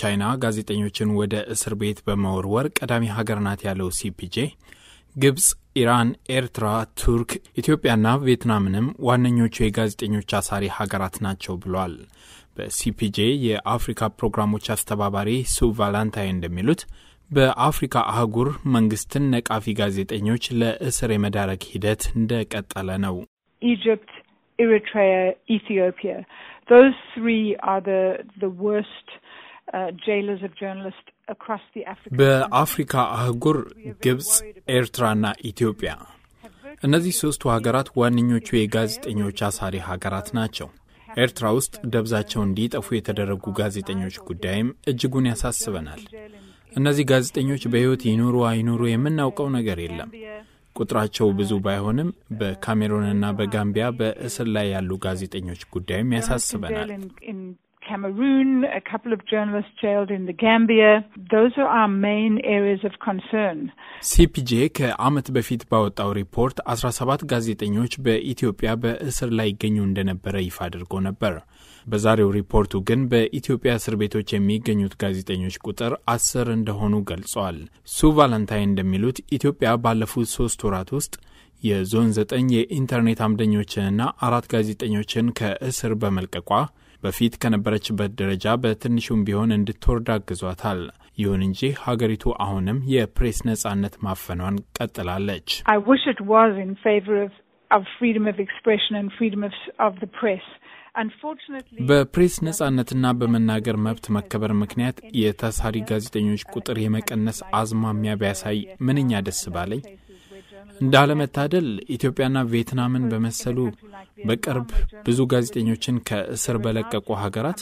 ቻይና ጋዜጠኞችን ወደ እስር ቤት በመወርወር ቀዳሚ ሀገር ናት ያለው ሲፒጄ ግብጽ፣ ኢራን፣ ኤርትራ፣ ቱርክ፣ ኢትዮጵያና ቪየትናምንም ዋነኞቹ የጋዜጠኞች አሳሪ ሀገራት ናቸው ብሏል። በሲፒጄ የአፍሪካ ፕሮግራሞች አስተባባሪ ሱ ቫላንታይ እንደሚሉት በአፍሪካ አህጉር መንግስትን ነቃፊ ጋዜጠኞች ለእስር የመዳረግ ሂደት እንደቀጠለ ነው። ኢጅፕት፣ ኤሪትሪያ፣ ኢትዮጵያ ትሪ አር ዘ ወርስት Uh, በአፍሪካ አህጉር ግብፅ፣ ኤርትራና ኢትዮጵያ እነዚህ ሦስቱ ሀገራት ዋነኞቹ የጋዜጠኞች አሳሪ ሀገራት ናቸው። ኤርትራ ውስጥ ደብዛቸው እንዲጠፉ የተደረጉ ጋዜጠኞች ጉዳይም እጅጉን ያሳስበናል። እነዚህ ጋዜጠኞች በሕይወት ይኑሩ አይኑሩ የምናውቀው ነገር የለም። ቁጥራቸው ብዙ ባይሆንም በካሜሩንና በጋምቢያ በእስር ላይ ያሉ ጋዜጠኞች ጉዳይም ያሳስበናል። Cameroon, a couple of journalists jailed in the Gambia. Those are our main areas of concern. ሲፒጄ ከዓመት በፊት ባወጣው ሪፖርት 17 ጋዜጠኞች በኢትዮጵያ በእስር ላይ ይገኙ እንደነበረ ይፋ አድርጎ ነበር። በዛሬው ሪፖርቱ ግን በኢትዮጵያ እስር ቤቶች የሚገኙት ጋዜጠኞች ቁጥር አስር እንደሆኑ ገልጿል። ሱ ቫለንታይን እንደሚሉት ኢትዮጵያ ባለፉት ሶስት ወራት ውስጥ የዞን ዘጠኝ የኢንተርኔት አምደኞችንና አራት ጋዜጠኞችን ከእስር በመልቀቋ በፊት ከነበረችበት ደረጃ በትንሹም ቢሆን እንድትወርድ አግዟታል። ይሁን እንጂ ሀገሪቱ አሁንም የፕሬስ ነጻነት ማፈኗን ቀጥላለች። በፕሬስ ነጻነትና በመናገር መብት መከበር ምክንያት የታሳሪ ጋዜጠኞች ቁጥር የመቀነስ አዝማሚያ ቢያሳይ ምንኛ ደስ ባለኝ። እንዳለመታደል ኢትዮጵያና ቪየትናምን በመሰሉ በቅርብ ብዙ ጋዜጠኞችን ከእስር በለቀቁ ሀገራት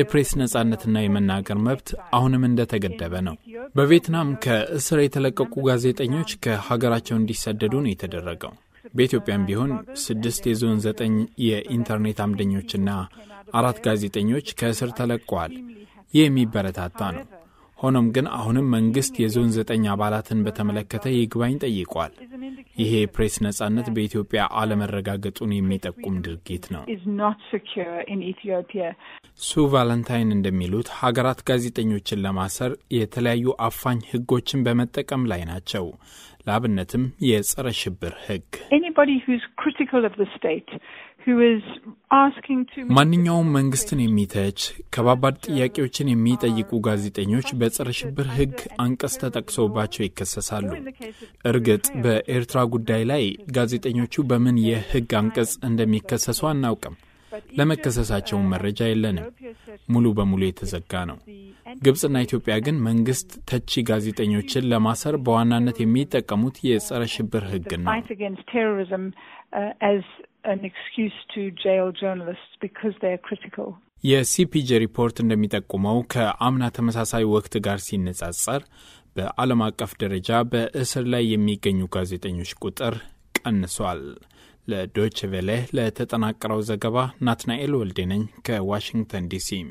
የፕሬስ ነጻነትና የመናገር መብት አሁንም እንደተገደበ ነው። በቪየትናም ከእስር የተለቀቁ ጋዜጠኞች ከሀገራቸው እንዲሰደዱ ነው የተደረገው። በኢትዮጵያም ቢሆን ስድስት የዞን ዘጠኝ የኢንተርኔት አምደኞችና አራት ጋዜጠኞች ከእስር ተለቀዋል። ይህ የሚበረታታ ነው። ሆኖም ግን አሁንም መንግስት የዞን ዘጠኝ አባላትን በተመለከተ ይግባኝ ጠይቋል። ይሄ የፕሬስ ነጻነት በኢትዮጵያ አለመረጋገጡን የሚጠቁም ድርጊት ነው። ሱ ቫለንታይን እንደሚሉት ሀገራት ጋዜጠኞችን ለማሰር የተለያዩ አፋኝ ሕጎችን በመጠቀም ላይ ናቸው። ለአብነትም የጸረ ሽብር ሕግ ማንኛውም መንግስትን የሚተች ከባባድ ጥያቄዎችን የሚጠይቁ ጋዜጠኞች በጸረ ሽብር ሕግ አንቀጽ ተጠቅሶባቸው ይከሰሳሉ። እርግጥ በኤርትራ ጉዳይ ላይ ጋዜጠኞቹ በምን የሕግ አንቀጽ እንደሚከሰሱ አናውቅም። ለመከሰሳቸውን መረጃ የለንም። ሙሉ በሙሉ የተዘጋ ነው። ግብፅና ኢትዮጵያ ግን መንግስት ተቺ ጋዜጠኞችን ለማሰር በዋናነት የሚጠቀሙት የጸረ ሽብር ሕግ ነው። an excuse to jail journalists because they are critical. የሲፒጄ ሪፖርት እንደሚጠቁመው ከአምና ተመሳሳይ ወቅት ጋር ሲነጻጸር በዓለም አቀፍ ደረጃ በእስር ላይ የሚገኙ ጋዜጠኞች ቁጥር ቀንሷል። ለዶች ቬሌ ለተጠናቀረው ዘገባ ናትናኤል ወልዴነኝ ከዋሽንግተን ዲሲ